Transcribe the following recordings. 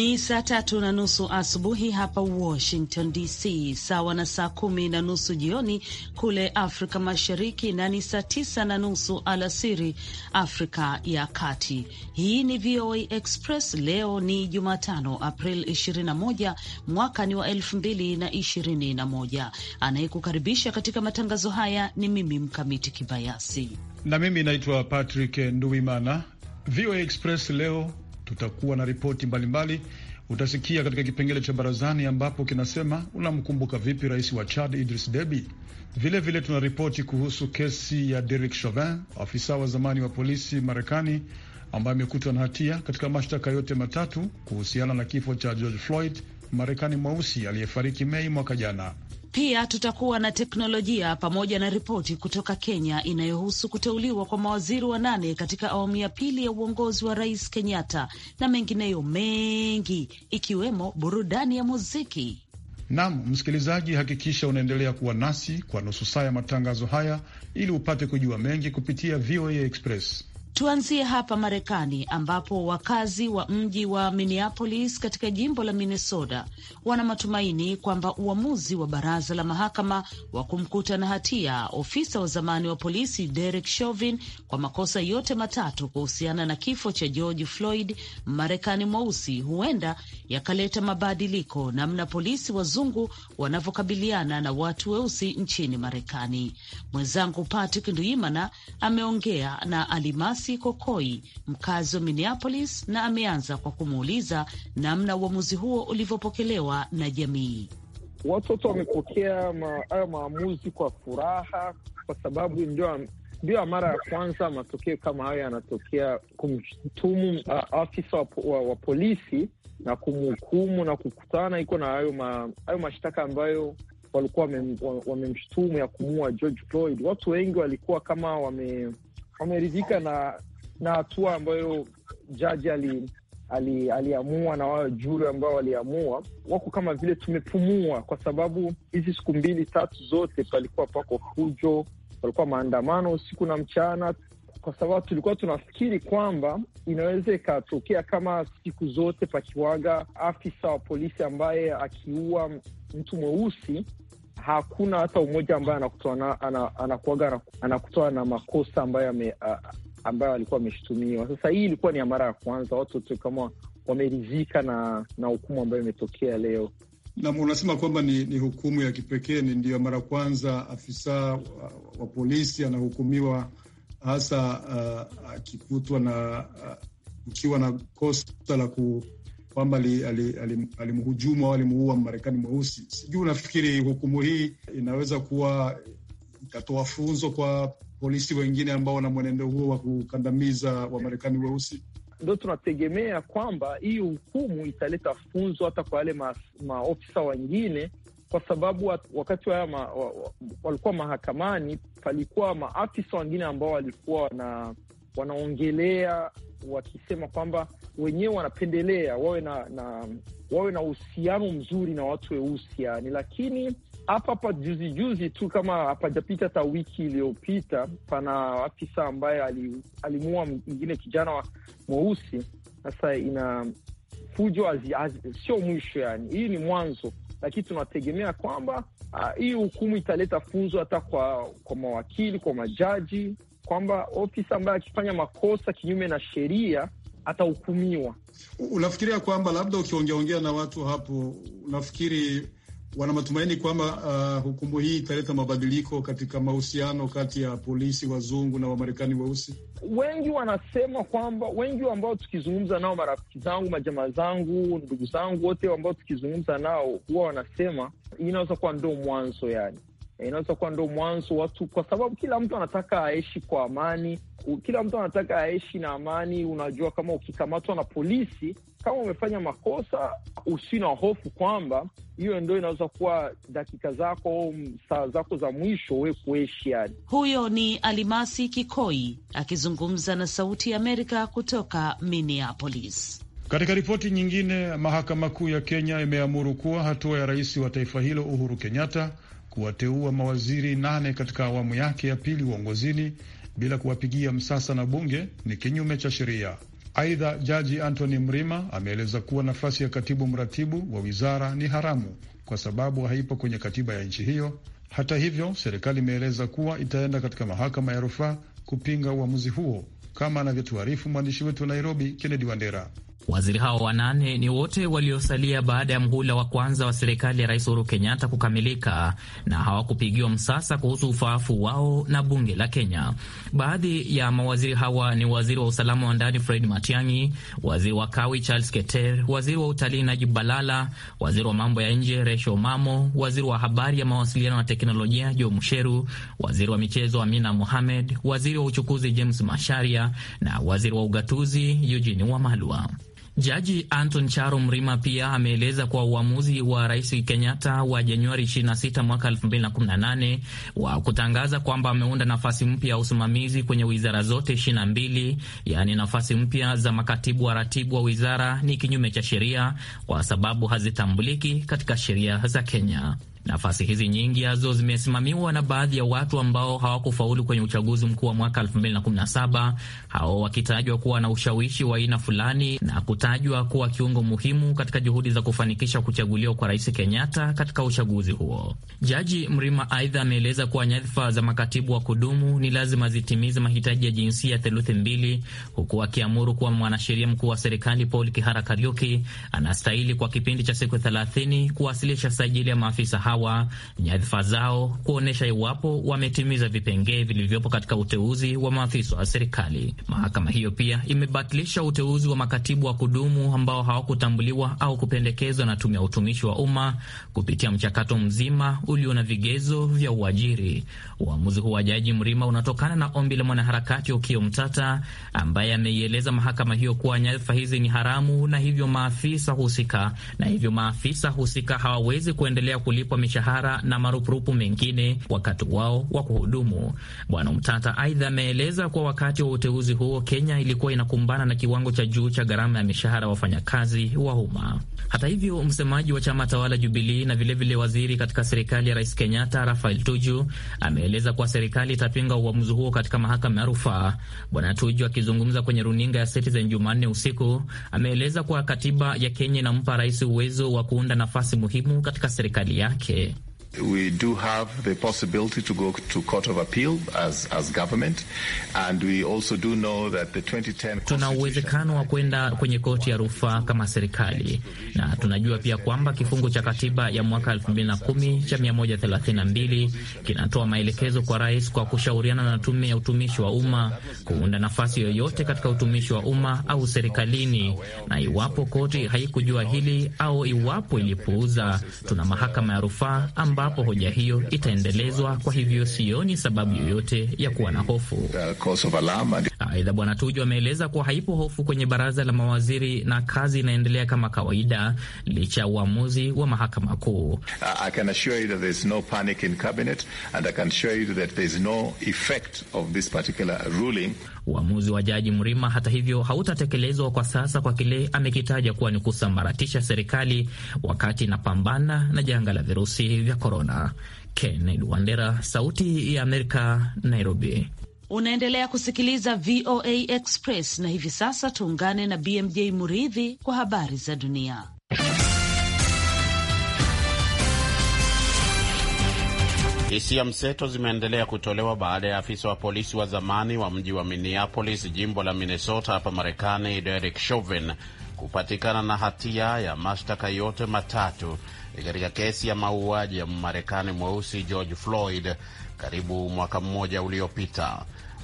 Ni saa tatu na nusu asubuhi hapa Washington DC, sawa na saa kumi na nusu jioni kule Afrika Mashariki, na ni saa tisa na nusu alasiri Afrika ya Kati. Hii ni VOA Express. Leo ni Jumatano, April 21 mwaka ni wa 2021. Anayekukaribisha katika matangazo haya ni mimi Mkamiti Kibayasi na mimi naitwa Patrick nduimana VOA Express leo Tutakuwa na ripoti mbalimbali utasikia katika kipengele cha barazani ambapo kinasema unamkumbuka vipi rais wa Chad Idris Deby. Vilevile tuna ripoti kuhusu kesi ya Derek Chauvin, afisa wa zamani wa polisi Marekani ambaye amekutwa na hatia katika mashtaka yote matatu kuhusiana na kifo cha George Floyd Marekani mweusi aliyefariki Mei mwaka jana. Pia tutakuwa na teknolojia pamoja na ripoti kutoka Kenya inayohusu kuteuliwa kwa mawaziri wa nane katika awamu ya pili ya uongozi wa Rais Kenyatta na mengineyo mengi ikiwemo burudani ya muziki. Nam msikilizaji, hakikisha unaendelea kuwa nasi kwa nusu saa ya matangazo haya ili upate kujua mengi kupitia VOA Express. Tuanzie hapa Marekani ambapo wakazi wa mji wa Minneapolis katika jimbo la Minnesota wana matumaini kwamba uamuzi wa baraza la mahakama wa kumkuta na hatia ofisa wa zamani wa polisi Derek Chauvin kwa makosa yote matatu kuhusiana na kifo cha George Floyd, Marekani mweusi, huenda yakaleta mabadiliko namna polisi wazungu wanavyokabiliana na watu weusi nchini Marekani. Mwenzangu Patrick Nduimana ameongea na Alimas Tomasi Kokoi, mkazi wa Minneapolis, na ameanza kwa kumuuliza namna uamuzi huo ulivyopokelewa na jamii. Watoto wamepokea hayo maamuzi kwa furaha, kwa sababu ndio ya mara ya kwanza matokeo kama hayo yanatokea, kumshutumu uh, afisa wa, wa, wa polisi na kumhukumu na kukutana iko na hayo ma, mashtaka ambayo walikuwa wamemshutumu wame ya kumuua George Floyd. Watu wengi walikuwa kama wame wameridhika na na hatua ambayo jaji ali ali- aliamua na wao juri ambao waliamua wako kama vile tumepumua, kwa sababu hizi siku mbili tatu zote palikuwa pako fujo, palikuwa maandamano usiku na mchana, kwa sababu tulikuwa tunafikiri kwamba inaweza ikatokea kama siku zote pakiwaga afisa wa polisi ambaye akiua mtu mweusi hakuna hata umoja ambaye anakutoa ana, anakuaga anakutoa na makosa ambayo ambayo alikuwa ameshutumiwa. Sasa hii ilikuwa ni ya mara ya kwanza, watu wote kama wameridhika na na hukumu ambayo imetokea leo. Na unasema kwamba ni, ni hukumu ya kipekee, ni ndiyo mara kwanza afisa wa, wa polisi anahukumiwa hasa akikutwa uh, na uh, ukiwa na kosa la ku kwamba alimhujumu au alimuua Marekani mweusi. Sijui unafikiri hukumu hii inaweza kuwa ikatoa funzo kwa polisi wengine ambao wana mwenendo huo wa kukandamiza Wamarekani weusi? Ndo tunategemea kwamba hii hukumu italeta funzo hata kwa wale maofisa ma wengine, kwa sababu wakati wa ma, wa, wa, walikuwa mahakamani, palikuwa maafisa wengine ambao walikuwa wana, wanaongelea wakisema kwamba wenyewe wanapendelea wawe na na wawe na uhusiano mzuri na watu weusi, yani Lakini hapa hapa juzi juzi tu, kama hapajapita hata wiki iliyopita, pana afisa ambaye alimuua mwingine kijana mweusi. Sasa ina fujo sio mwisho, yani hii ni mwanzo, lakini tunategemea kwamba ah, hii hukumu italeta funzo hata kwa kwa mawakili, kwa majaji kwamba ofisa ambaye akifanya makosa kinyume na sheria atahukumiwa. Unafikiria kwamba labda ukiongeaongea na watu hapo, unafikiri wana matumaini kwamba uh, hukumu hii italeta mabadiliko katika mahusiano kati ya polisi wazungu na Wamarekani weusi? wengi wanasema kwamba, wengi ambao tukizungumza nao, marafiki zangu, majamaa zangu, ndugu zangu, wote ambao tukizungumza nao huwa wanasema inaweza kuwa ndo mwanzo yani Eh, inaweza kuwa ndo mwanzo watu, kwa sababu kila mtu anataka aishi kwa amani, kila mtu anataka aishi na amani. Unajua, kama ukikamatwa na polisi, kama umefanya makosa, usina hofu kwamba hiyo ndo inaweza kuwa dakika zako, au saa zako za mwisho we kuishi. Yani, huyo ni Alimasi Kikoi akizungumza na Sauti ya Amerika kutoka Minneapolis. Katika ripoti nyingine, mahakama kuu ya Kenya imeamuru kuwa hatua ya rais wa taifa hilo Uhuru Kenyatta kuwateua mawaziri nane katika awamu yake ya pili uongozini bila kuwapigia msasa na bunge ni kinyume cha sheria. Aidha, jaji Anthony Mrima ameeleza kuwa nafasi ya katibu mratibu wa wizara ni haramu kwa sababu haipo kwenye katiba ya nchi hiyo. Hata hivyo, serikali imeeleza kuwa itaenda katika mahakama ya rufaa kupinga uamuzi huo, kama anavyotuarifu mwandishi wetu wa Nairobi, Kennedy Wandera. Waziri hao wanane ni wote waliosalia baada ya mhula wa kwanza wa serikali ya Rais Uhuru Kenyatta kukamilika na hawakupigiwa msasa kuhusu ufaafu wao na bunge la Kenya. Baadhi ya mawaziri hawa ni waziri wa usalama wa ndani Fred Matiang'i, waziri wa kawi Charles Keter, waziri wa utalii Najib Balala, waziri wa mambo ya nje Resho Mamo, waziri wa habari ya mawasiliano na teknolojia Jo Msheru, waziri wa michezo Amina Mohamed, waziri wa uchukuzi James Masharia na waziri wa ugatuzi Eugene Wamalwa. Jaji Anton Charo Mrima pia ameeleza kuwa uamuzi wa Rais Kenyatta wa Januari 26 mwaka 2018 wa kutangaza kwamba ameunda nafasi mpya ya usimamizi kwenye wizara zote 22, yaani nafasi mpya za makatibu wa ratibu wa wizara, ni kinyume cha sheria kwa sababu hazitambuliki katika sheria za Kenya. Nafasi hizi nyingi hazo zimesimamiwa na baadhi ya watu ambao hawakufaulu kwenye uchaguzi mkuu wa mwaka 2017, hao wakitajwa kuwa na ushawishi wa aina fulani na kutajwa kuwa kiungo muhimu katika juhudi za kufanikisha kuchaguliwa kwa Rais Kenyatta katika uchaguzi huo. Jaji Mrima aidha ameeleza kuwa nyadhifa za makatibu wa kudumu ni lazima zitimize mahitaji ya jinsia theluthi mbili, huku akiamuru kuwa mwanasheria mkuu wa serikali Paul Kihara Kariuki anastahili kwa kipindi cha siku 30 kuwasilisha sajili ya maafisa hawa nyadhifa zao kuonyesha iwapo wametimiza vipengee vilivyopo katika uteuzi wa maafisa wa serikali. Mahakama hiyo pia imebatilisha uteuzi wa makatibu wa kudumu ambao hawakutambuliwa au kupendekezwa na tume ya utumishi wa umma kupitia mchakato mzima ulio na vigezo vya uajiri. Uamuzi huu wa Jaji Mrima unatokana na ombi la mwanaharakati Ukio Mtata ambaye ameieleza mahakama hiyo kuwa nyadhifa hizi ni haramu na hivyo maafisa husika na hivyo maafisa husika hawawezi kuendelea kulipwa mishahara na marupurupu mengine wakati wao wa kuhudumu. Bwana Mtata aidha ameeleza kuwa wakati wa uteuzi huo Kenya ilikuwa inakumbana na kiwango cha juu cha gharama ya mishahara ya wafanyakazi wa umma. Hata hivyo, msemaji wa chama tawala Jubilii na vilevile vile waziri katika serikali ya Rais Kenyatta Rafael Tuju ameeleza kuwa serikali itapinga uamuzi huo katika mahakama ya rufaa. Bwana Tuju akizungumza kwenye runinga ya Citizen Jumanne usiku ameeleza kuwa katiba ya Kenya inampa rais uwezo wa kuunda nafasi muhimu katika serikali yake Sí. We do have the possibility to go to court of appeal as, as government and we also do know that the 2010 tuna uwezekano wa kwenda kwenye koti ya rufaa kama serikali, na tunajua pia kwamba kifungu cha katiba ya mwaka 2010 cha 132 kinatoa maelekezo kwa rais kwa kushauriana na tume ya utumishi wa umma kuunda nafasi yoyote katika utumishi wa umma au serikalini, na iwapo koti haikujua hili au iwapo ilipuuza, tuna mahakama ya rufaa ambapo hoja hiyo itaendelezwa. Kwa hivyo sioni sababu yoyote ya kuwa na hofu. Aidha, Bwana Tuju ameeleza kuwa haipo hofu kwenye baraza la mawaziri na kazi inaendelea kama kawaida licha ya uamuzi wa mahakama kuu. Uamuzi wa Jaji Mrima hata hivyo hautatekelezwa kwa sasa kwa kile amekitaja kuwa ni kusambaratisha serikali wakati inapambana na janga la virusi vya korona. Kennedy Wandera, Sauti ya Amerika, Nairobi. Unaendelea kusikiliza VOA Express na hivi sasa tuungane na BMJ Muridhi kwa habari za dunia. Hisia mseto zimeendelea kutolewa baada ya afisa wa polisi wa zamani wa mji wa Minneapolis, jimbo la Minnesota hapa Marekani, Derek Chauvin kupatikana na hatia ya mashtaka yote matatu katika kesi ya mauaji ya Mmarekani mweusi George Floyd karibu mwaka mmoja uliopita.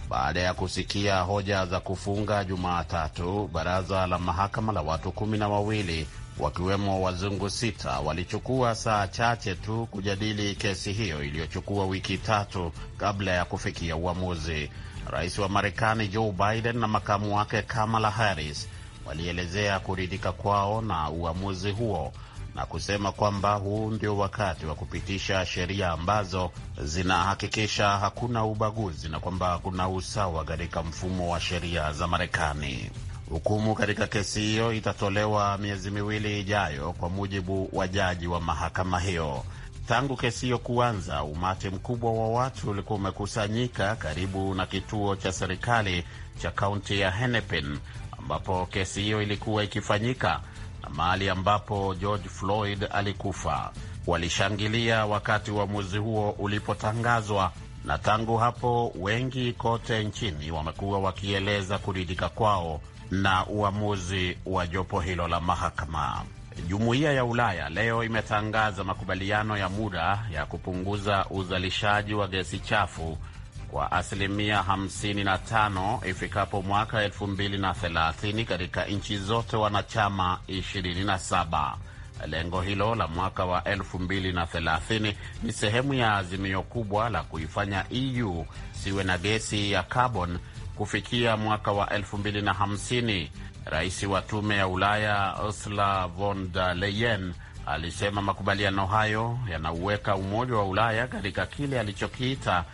Baada ya kusikia hoja za kufunga Jumatatu, baraza la mahakama la watu kumi na wawili wakiwemo wazungu sita walichukua saa chache tu kujadili kesi hiyo iliyochukua wiki tatu kabla ya kufikia uamuzi. Rais wa Marekani Joe Biden na makamu wake Kamala Harris walielezea kuridhika kwao na uamuzi huo na kusema kwamba huu ndio wakati wa kupitisha sheria ambazo zinahakikisha hakuna ubaguzi na kwamba kuna usawa katika mfumo wa sheria za Marekani. Hukumu katika kesi hiyo itatolewa miezi miwili ijayo, kwa mujibu wa jaji wa mahakama hiyo. Tangu kesi hiyo kuanza, umati mkubwa wa watu ulikuwa umekusanyika karibu na kituo cha serikali cha kaunti ya Hennepin ambapo kesi hiyo ilikuwa ikifanyika na mahali ambapo George Floyd alikufa. Walishangilia wakati uamuzi wa huo ulipotangazwa, na tangu hapo wengi kote nchini wamekuwa wakieleza kuridhika kwao na uamuzi wa jopo hilo la mahakama. Jumuiya ya Ulaya leo imetangaza makubaliano ya muda ya kupunguza uzalishaji wa gesi chafu kwa asilimia 55 ifikapo mwaka 2030 katika nchi zote wanachama 27. Lengo hilo la mwaka wa 2030 ni sehemu ya azimio kubwa la kuifanya EU siwe na gesi ya carbon kufikia mwaka wa 2050. Rais wa tume ya Ulaya Ursula von der Leyen alisema makubaliano hayo yanauweka umoja wa Ulaya katika kile alichokiita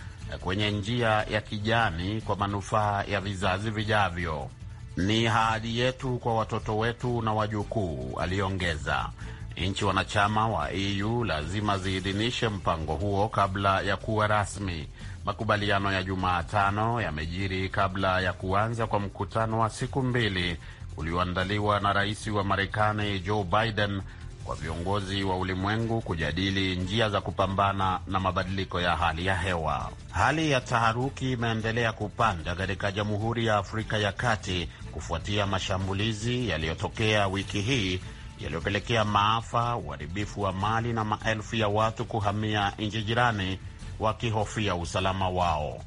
kwenye njia ya kijani kwa manufaa ya vizazi vijavyo. Ni hadi yetu kwa watoto wetu na wajukuu, aliongeza. Nchi wanachama wa EU lazima ziidhinishe mpango huo kabla ya kuwa rasmi. Makubaliano ya Jumatano yamejiri kabla ya kuanza kwa mkutano wa siku mbili ulioandaliwa na rais wa Marekani Joe Biden kwa viongozi wa ulimwengu kujadili njia za kupambana na mabadiliko ya hali ya hewa. Hali ya taharuki imeendelea kupanda katika Jamhuri ya Afrika ya Kati kufuatia mashambulizi yaliyotokea wiki hii yaliyopelekea maafa, uharibifu wa mali na maelfu ya watu kuhamia nchi jirani wakihofia usalama wao.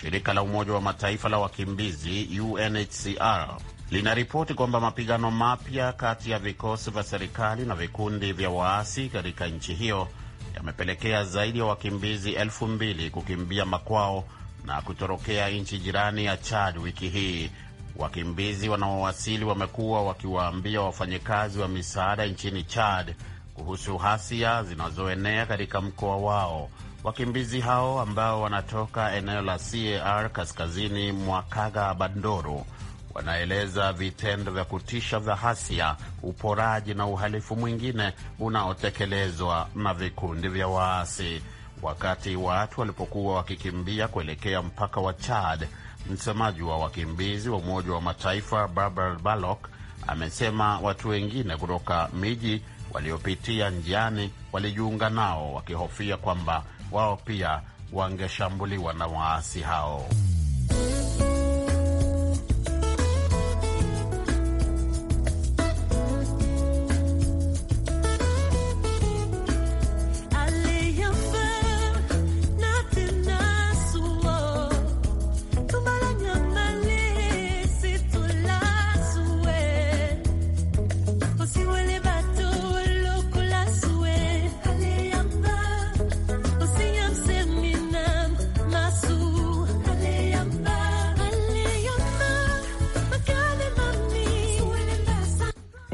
Shirika la Umoja wa Mataifa la wakimbizi UNHCR linaripoti kwamba mapigano mapya kati ya vikosi vya serikali na vikundi vya waasi katika nchi hiyo yamepelekea zaidi ya wakimbizi elfu mbili kukimbia makwao na kutorokea nchi jirani ya Chad wiki hii. Wakimbizi wanaowasili wamekuwa wakiwaambia wafanyakazi wa misaada nchini Chad kuhusu hasia zinazoenea katika mkoa wao Wakimbizi hao ambao wanatoka eneo la CAR kaskazini mwa Kaga Bandoro wanaeleza vitendo vya kutisha vya hasia, uporaji na uhalifu mwingine unaotekelezwa na vikundi vya waasi wakati watu walipokuwa wakikimbia kuelekea mpaka wa Chad. Msemaji wa wakimbizi wa Umoja wa Mataifa Barbara Balok amesema watu wengine kutoka miji waliopitia njiani walijiunga nao wakihofia kwamba wao pia wangeshambuliwa na waasi hao.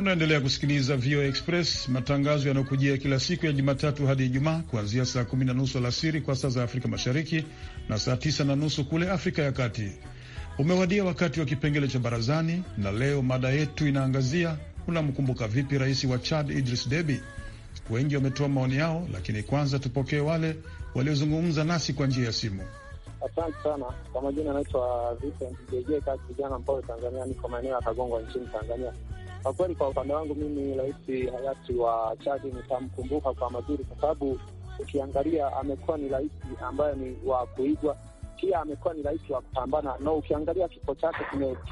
Unaendelea kusikiliza VOA Express, matangazo yanayokujia kila siku ya Jumatatu hadi Ijumaa kuanzia saa kumi na nusu alasiri kwa saa za Afrika Mashariki na saa tisa na nusu kule Afrika ya Kati. Umewadia wakati wa kipengele cha Barazani, na leo mada yetu inaangazia unamkumbuka vipi rais wa Chad Idris Deby? Wengi wametoa maoni yao, lakini kwanza tupokee wale waliozungumza nasi kwa njia ya simu. Asante sana kwa majina, anaitwa Vincent JJ kijana Mpole, Tanzania. Niko maeneo ya Kagongwa nchini Tanzania. Kwa kweli, kwa upande wangu mimi, rais hayati wa Chadi nitamkumbuka kwa mazuri, kwa sababu ukiangalia amekuwa ni rais ambaye ni wa kuigwa, pia amekuwa ni rais wa kupambana, na no, ukiangalia kifo chake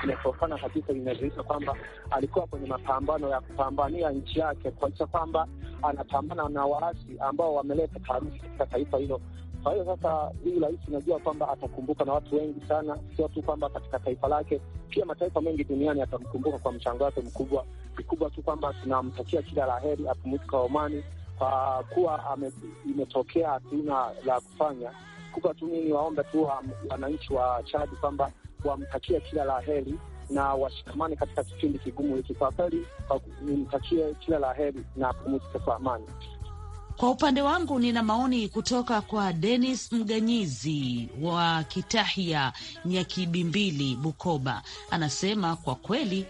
kimetokana kabisa, imedhihirisha kwamba alikuwa kwenye mapambano ya kupambania nchi yake, kuonyesha kwamba anapambana na waasi ambao wameleta taarufu katika taifa hilo kwa hiyo sasa, huyu rais unajua kwamba atakumbuka na watu wengi sana, sio tu kwamba katika taifa lake, pia mataifa mengi duniani atamkumbuka kwa mchango wake mkubwa. Kikubwa tu kwamba tunamtakia kila la heri, apumzike kwa amani, kwa kuwa imetokea hatuna la kufanya kubwa tu. Mimi waombe tu wananchi wa Chadi kwamba wamtakie kila la heri na washikamane katika kipindi kigumu hiki. Kwa kweli, nimtakie kila la heri na apumzike kwa amani. Kwa upande wangu nina maoni kutoka kwa Denis Mganyizi wa Kitahya Nyakibimbili, Bukoba. Anasema kwa kweli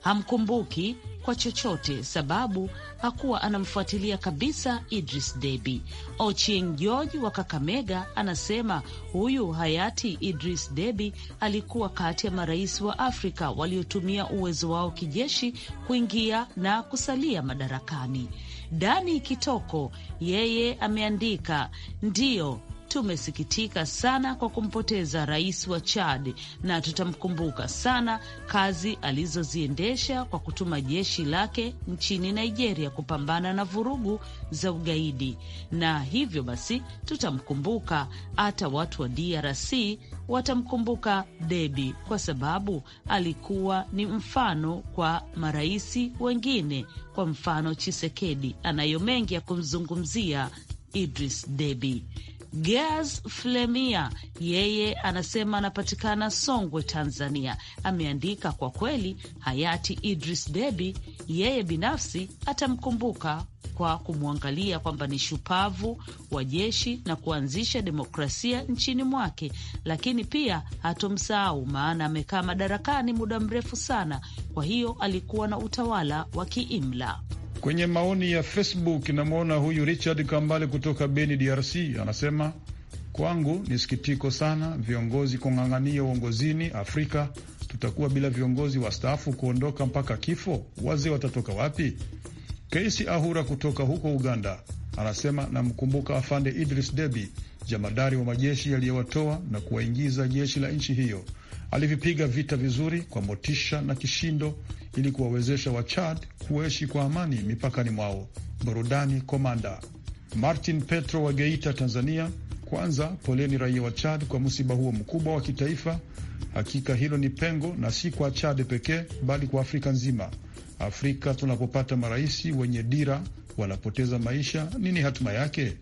hamkumbuki kwa chochote sababu hakuwa anamfuatilia kabisa Idris debi Ochieng George wa Kakamega anasema huyu hayati Idris debi alikuwa kati ya marais wa Afrika waliotumia uwezo wao kijeshi kuingia na kusalia madarakani. Dani Kitoko yeye ameandika ndiyo tumesikitika sana kwa kumpoteza rais wa Chad na tutamkumbuka sana kazi alizoziendesha kwa kutuma jeshi lake nchini Nigeria kupambana na vurugu za ugaidi, na hivyo basi tutamkumbuka. Hata watu wa DRC watamkumbuka Debi kwa sababu alikuwa ni mfano kwa maraisi wengine. Kwa mfano, Chisekedi anayo mengi ya kumzungumzia Idris Debi gas Flemia yeye anasema anapatikana Songwe, Tanzania. Ameandika kwa kweli, hayati Idris debi yeye binafsi atamkumbuka kwa kumwangalia kwamba ni shupavu wa jeshi na kuanzisha demokrasia nchini mwake, lakini pia hatomsahau, maana amekaa madarakani muda mrefu sana, kwa hiyo alikuwa na utawala wa kiimla. Kwenye maoni ya Facebook namwona huyu Richard Kambale kutoka Beni, DRC, anasema kwangu ni sikitiko sana viongozi kung'ang'ania uongozini Afrika. Tutakuwa bila viongozi wastaafu kuondoka mpaka kifo, wazee watatoka wapi? Keisi Ahura kutoka huko Uganda anasema namkumbuka afande Idris Deby, jamadari wa majeshi yaliyowatoa na kuwaingiza jeshi la nchi hiyo. Alivipiga vita vizuri kwa motisha na kishindo, ili kuwawezesha Wachad kuishi kwa amani mipakani mwao. Burudani Komanda Martin Petro wa Geita, Tanzania. Kwanza poleni raia wa Chad kwa msiba huo mkubwa wa kitaifa. Hakika hilo ni pengo, na si kwa Chad pekee, bali kwa Afrika nzima. Afrika tunapopata marais wenye dira wanapoteza maisha, nini hatima yake?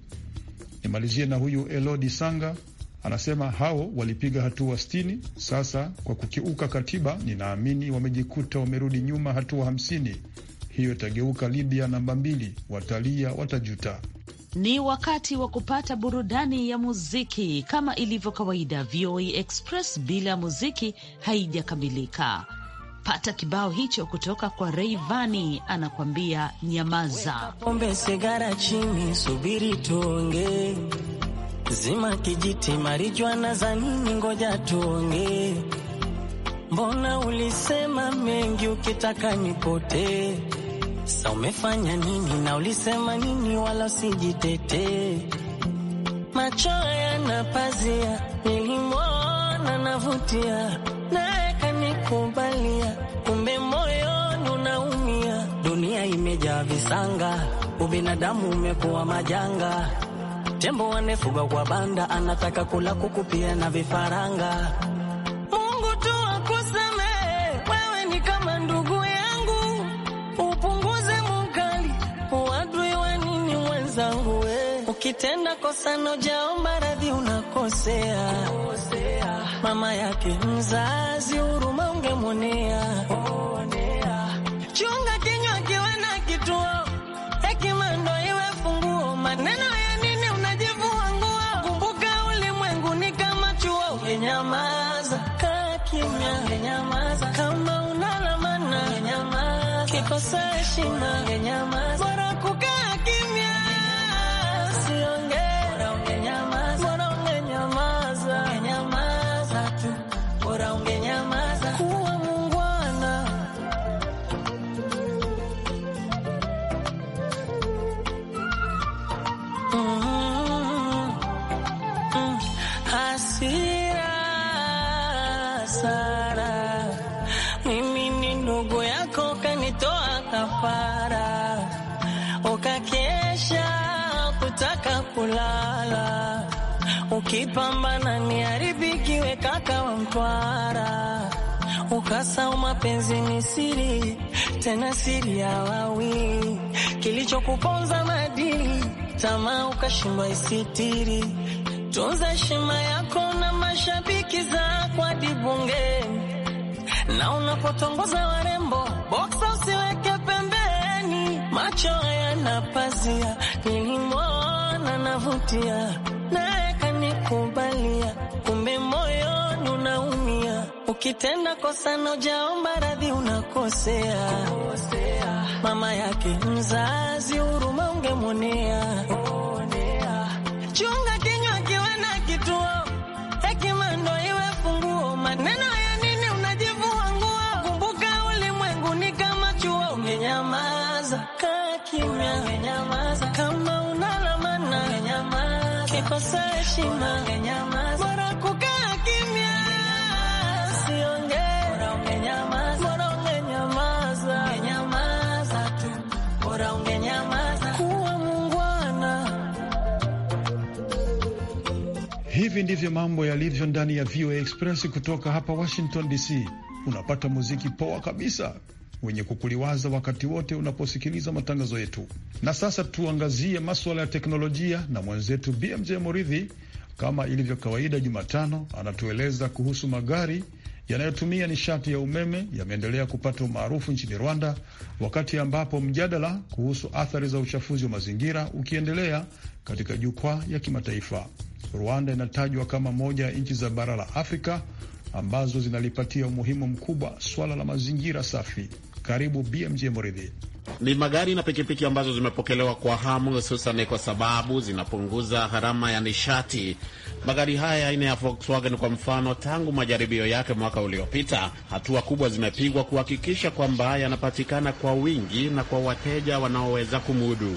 Nimalizie na huyu Elodi Sanga Anasema hao walipiga hatua sitini. Sasa kwa kukiuka katiba, ninaamini wamejikuta wamerudi nyuma hatua 50 Hiyo itageuka Libya namba mbili. Watalia, watajuta. Ni wakati wa kupata burudani ya muziki kama ilivyo kawaida. VOA e Express bila ya muziki haijakamilika. Pata kibao hicho kutoka kwa reivani anakwambia nyamaza. pombe, sigara chini, subiri tuongee zima kijiti marijuana za nini? Ngoja tuonge mbona ulisema mengi ukitaka nipote? Sa umefanya nini na ulisema nini? Wala usijitete, macho yana pazia, nilimwona navutia, naye kanikubalia, kumbe moyoni unaumia. Dunia imejaa visanga, ubinadamu umekuwa majanga Tembo anefuga kwa banda, anataka kula kuku pia na vifaranga. Mungu tu akusamehe, wewe ni kama ndugu yangu, upunguze mkali, uadui wa nini mwenzangu we. Ukitenda kosa nojaomba radhi, unakosea mama yake mzazi, huruma ungemwonea. Chunga kinywa kiwe na kituo, hekima ndo iwe funguo maneno unakosa heshima, ungenyamaza bora kukaa ukipambana ni haribikiwe kaka wa mtwara ukasau mapenzi ni siri tena siri ya wawi kilichokuponza madili tamaa ukashindwa isitiri tunza heshima yako na mashabiki za kwa bungeni na unapotongoza warembo boksa usiweke pembeni macho haya na pazia nilimwona navutia ukitenda kosa nojaomba radhi unakosea. Mama yake mzazi huruma ungemwonea. Chunga kinywa kiwe na kituo, hekima ndo iwe funguo. Maneno ya nini unajivua nguo? Kumbuka ulimwengu ni kama chuo, ungenyamaza kaa kimya, kama unalamana kikosa heshima, mara kukaa kimya Hivi ndivyo mambo yalivyo ndani ya VOA Express kutoka hapa Washington DC. Unapata muziki poa kabisa wenye kukuliwaza wakati wote unaposikiliza matangazo yetu. Na sasa tuangazie masuala ya teknolojia na mwenzetu BMJ Moridhi, kama ilivyo kawaida Jumatano, anatueleza kuhusu magari yanayotumia nishati ya umeme yameendelea kupata umaarufu nchini Rwanda, wakati ambapo mjadala kuhusu athari za uchafuzi wa mazingira ukiendelea katika jukwaa ya kimataifa. Rwanda inatajwa kama moja ya nchi za bara la Afrika ambazo zinalipatia umuhimu mkubwa swala la mazingira safi. Karibu BMJ Moridhi. Ni magari na pikipiki ambazo zimepokelewa kwa hamu, hususan kwa sababu zinapunguza gharama ya nishati. Magari haya aina ya Volkswagen kwa mfano, tangu majaribio yake mwaka uliopita, hatua kubwa zimepigwa kuhakikisha kwamba yanapatikana kwa wingi na kwa wateja wanaoweza kumudu.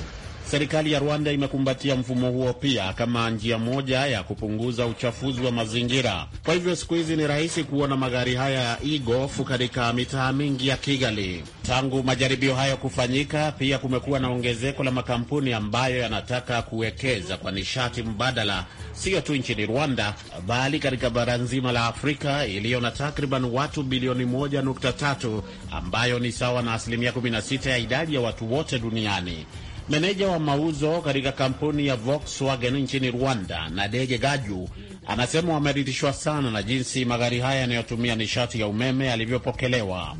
Serikali ya Rwanda imekumbatia mfumo huo pia kama njia moja ya kupunguza uchafuzi wa mazingira. Kwa hivyo siku hizi ni rahisi kuona magari haya ya e-golf katika mitaa mingi ya Kigali. Tangu majaribio hayo kufanyika, pia kumekuwa na ongezeko la makampuni ambayo yanataka kuwekeza kwa nishati mbadala, siyo tu nchini Rwanda, bali katika bara nzima la Afrika iliyo na takriban watu bilioni 1.3 ambayo ni sawa na asilimia 16 ya idadi ya watu wote duniani. Meneja wa mauzo katika kampuni ya Volkswagen nchini Rwanda, Nadege Gaju, anasema wameridhishwa sana na jinsi magari haya yanayotumia nishati ya umeme yalivyopokelewa.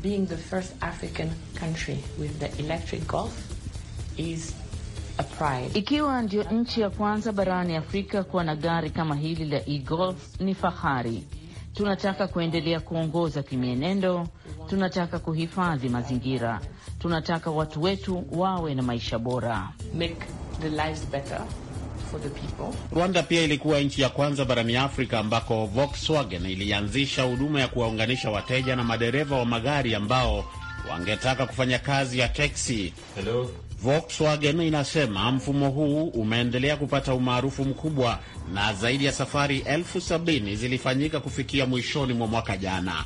Ikiwa ndio nchi ya kwanza barani Afrika kuwa na gari kama hili la e-Golf ni fahari. Tunataka kuendelea kuongoza kimienendo, tunataka kuhifadhi mazingira tunataka watu wetu wawe na maisha bora. Make the lives better. Rwanda pia ilikuwa nchi ya kwanza barani Afrika ambako Volkswagen ilianzisha huduma ya kuwaunganisha wateja na madereva wa magari ambao wangetaka kufanya kazi ya teksi. Volkswagen inasema mfumo huu umeendelea kupata umaarufu mkubwa na zaidi ya safari elfu sabini zilifanyika kufikia mwishoni mwa mwaka jana.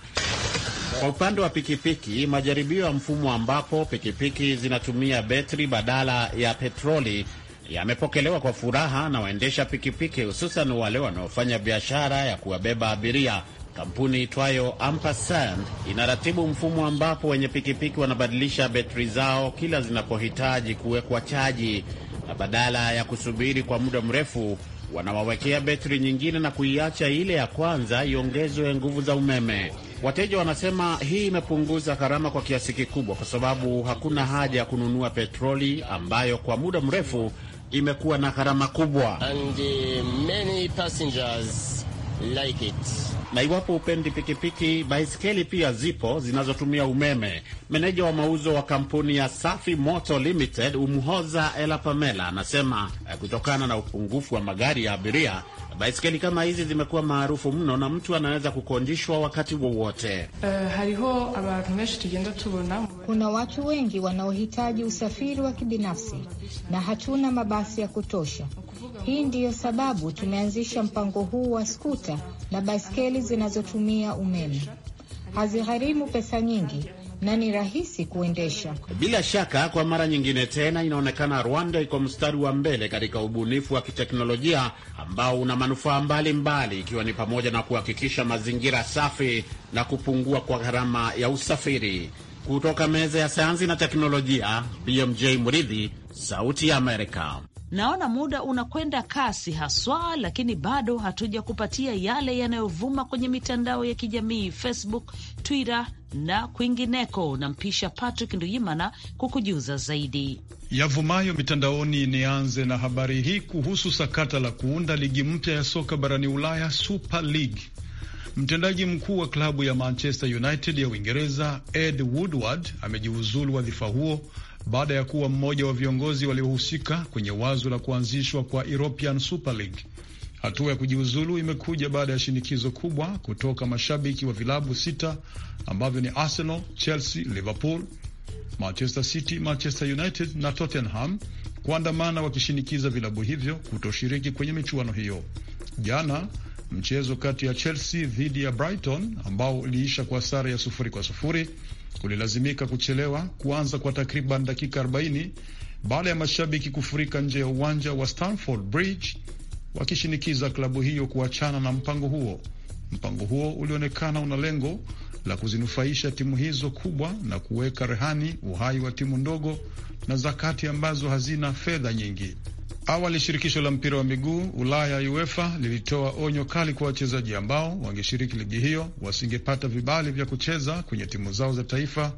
Kwa upande wa pikipiki, majaribio ya mfumo ambapo pikipiki zinatumia betri badala ya petroli yamepokelewa kwa furaha na waendesha pikipiki, hususan wale wanaofanya biashara ya kuwabeba abiria. Kampuni itwayo Ampersand inaratibu mfumo ambapo wenye pikipiki wanabadilisha betri zao kila zinapohitaji kuwekwa chaji, na badala ya kusubiri kwa muda mrefu wanawawekea betri nyingine na kuiacha ile ya kwanza iongezwe nguvu za umeme. Wateja wanasema hii imepunguza gharama kwa kiasi kikubwa, kwa sababu hakuna haja ya kununua petroli ambayo kwa muda mrefu imekuwa na gharama kubwa. And, uh, many passengers like it. Na iwapo upendi pikipiki, baiskeli pia zipo zinazotumia umeme. Meneja wa mauzo wa kampuni ya Safi Moto Limited Umhoza elapamela anasema eh, kutokana na upungufu wa magari ya abiria Baiskeli kama hizi zimekuwa maarufu mno na mtu anaweza kukondishwa wakati wowote. Eh, Kuna watu wengi wanaohitaji usafiri wa kibinafsi na hatuna mabasi ya kutosha. Hii ndiyo sababu tumeanzisha mpango huu wa skuta na baiskeli zinazotumia umeme. Hazigharimu pesa nyingi na ni rahisi kuendesha. Bila shaka, kwa mara nyingine tena inaonekana Rwanda iko mstari wa mbele katika ubunifu wa kiteknolojia ambao una manufaa mbalimbali, ikiwa ni pamoja na kuhakikisha mazingira safi na kupungua kwa gharama ya usafiri. Kutoka meza ya sayansi na teknolojia, BMJ Muridhi, Sauti ya Amerika. Naona muda unakwenda kasi haswa, lakini bado hatuja kupatia yale yanayovuma kwenye mitandao ya kijamii Facebook, Twitter na kwingineko. Nampisha Patrick Nduyimana kukujuza zaidi yavumayo mitandaoni. Nianze na habari hii kuhusu sakata la kuunda ligi mpya ya soka barani Ulaya, Super League. Mtendaji mkuu wa klabu ya Manchester United ya Uingereza Ed Woodward amejiuzulu wadhifa huo baada ya kuwa mmoja wa viongozi waliohusika kwenye wazo la kuanzishwa kwa European Super League. Hatua ya kujiuzulu imekuja baada ya shinikizo kubwa kutoka mashabiki wa vilabu sita ambavyo ni Arsenal, Chelsea, Liverpool, Manchester City, Manchester United na Tottenham kuandamana wakishinikiza vilabu hivyo kutoshiriki kwenye michuano hiyo. Jana mchezo kati ya Chelsea dhidi ya Brighton ambao uliisha kwa sare ya sufuri kwa sufuri kulilazimika kuchelewa kuanza kwa takriban dakika 40 baada ya mashabiki kufurika nje ya uwanja wa Stamford Bridge wakishinikiza klabu hiyo kuachana na mpango huo. Mpango huo ulionekana una lengo la kuzinufaisha timu hizo kubwa na kuweka rehani uhai wa timu ndogo na zakati ambazo hazina fedha nyingi. Awali shirikisho la mpira wa miguu Ulaya UEFA lilitoa onyo kali kwa wachezaji ambao wangeshiriki ligi hiyo wasingepata vibali vya kucheza kwenye timu zao za taifa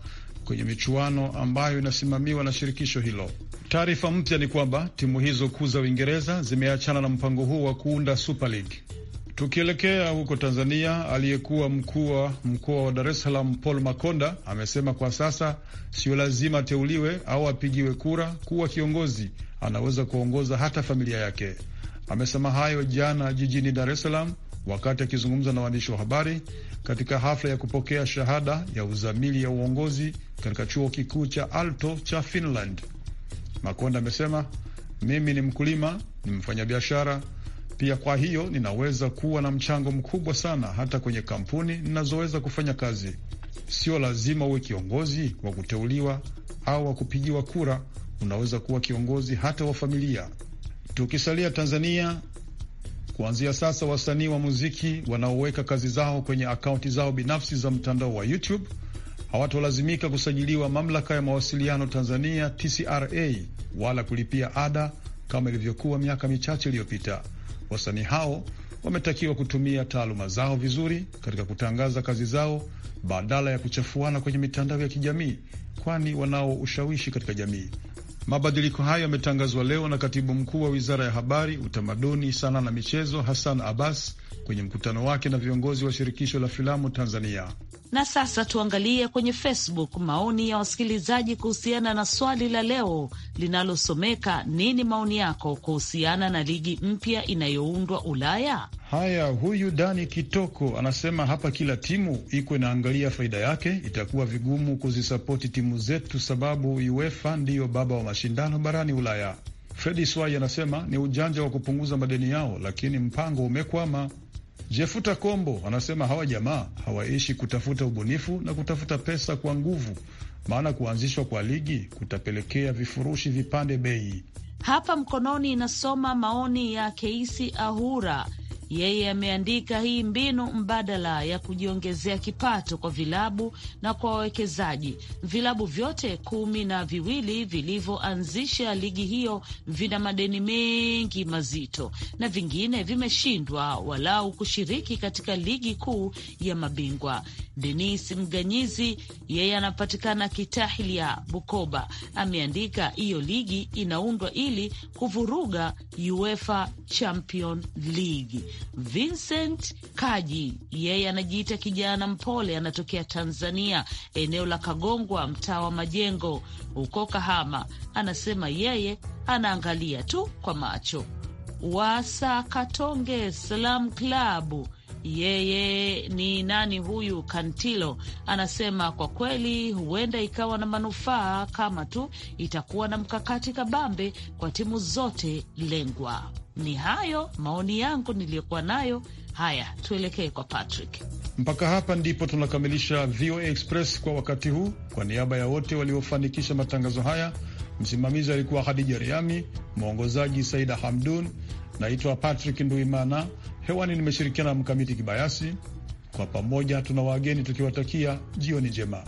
kwenye michuano ambayo inasimamiwa na shirikisho hilo. Taarifa mpya ni kwamba timu hizo kuu za Uingereza zimeachana na mpango huo wa kuunda Super League. Tukielekea huko Tanzania, aliyekuwa mkuu wa mkoa wa Dar es Salaam Paul Makonda amesema kwa sasa sio lazima ateuliwe au apigiwe kura kuwa kiongozi anaweza kuongoza hata familia yake. Amesema hayo jana jijini Dar es Salaam wakati akizungumza na waandishi wa habari katika hafla ya kupokea shahada ya uzamili ya uongozi katika chuo kikuu cha Alto cha Finland. Makonda amesema, mimi ni mkulima, ni mfanyabiashara pia, kwa hiyo ninaweza kuwa na mchango mkubwa sana hata kwenye kampuni ninazoweza kufanya kazi. Sio lazima uwe kiongozi wa kuteuliwa au wa kupigiwa kura unaweza kuwa kiongozi hata wa familia. Tukisalia Tanzania, kuanzia sasa wasanii wa muziki wanaoweka kazi zao kwenye akaunti zao binafsi za mtandao wa YouTube hawatolazimika kusajiliwa mamlaka ya mawasiliano Tanzania TCRA wala kulipia ada kama ilivyokuwa miaka michache iliyopita. Wasanii hao wametakiwa kutumia taaluma zao vizuri katika kutangaza kazi zao badala ya kuchafuana kwenye mitandao ya kijamii, kwani wanao ushawishi katika jamii. Mabadiliko hayo yametangazwa leo na katibu mkuu wa wizara ya habari, utamaduni, sanaa na michezo Hassan Abbas kwenye mkutano wake na viongozi wa shirikisho la filamu Tanzania. Na sasa tuangalie kwenye Facebook maoni ya wasikilizaji kuhusiana na swali la leo linalosomeka nini maoni yako kuhusiana na ligi mpya inayoundwa Ulaya? Haya, huyu Dani Kitoko anasema hapa kila timu iko inaangalia faida yake. Itakuwa vigumu kuzisapoti timu zetu sababu UEFA ndiyo baba wa mashindano barani Ulaya. Fredi Swai anasema ni ujanja wa kupunguza madeni yao, lakini mpango umekwama. Jefuta Kombo anasema hawa jamaa hawaishi kutafuta ubunifu na kutafuta pesa kwa nguvu, maana kuanzishwa kwa ligi kutapelekea vifurushi vipande bei. Hapa mkononi inasoma maoni ya Keisi Ahura yeye ameandika hii mbinu mbadala ya kujiongezea kipato kwa vilabu na kwa wawekezaji. Vilabu vyote kumi na viwili vilivyoanzisha ligi hiyo vina madeni mengi mazito, na vingine vimeshindwa walau kushiriki katika ligi kuu ya mabingwa. Denis Mganyizi yeye anapatikana Kitahlia, Bukoba, ameandika hiyo ligi inaundwa ili kuvuruga UEFA Champion League. Vincent Kaji, yeye anajiita kijana mpole, anatokea Tanzania, eneo la Kagongwa, mtaa wa Majengo huko Kahama. Anasema yeye anaangalia tu kwa macho. Wasakatonge Salam Klabu yeye ni nani huyu Kantilo anasema kwa kweli, huenda ikawa na manufaa kama tu itakuwa na mkakati kabambe kwa timu zote lengwa. Ni hayo maoni yangu niliyokuwa nayo. Haya, tuelekee kwa Patrick. Mpaka hapa ndipo tunakamilisha VOA Express kwa wakati huu. Kwa niaba ya wote waliofanikisha matangazo haya, msimamizi alikuwa Hadija Riami, mwongozaji Saida Hamdun. Naitwa Patrick Nduimana. Hewani nimeshirikiana na Mkamiti Kibayasi. Kwa pamoja tuna wageni tukiwatakia jioni njema.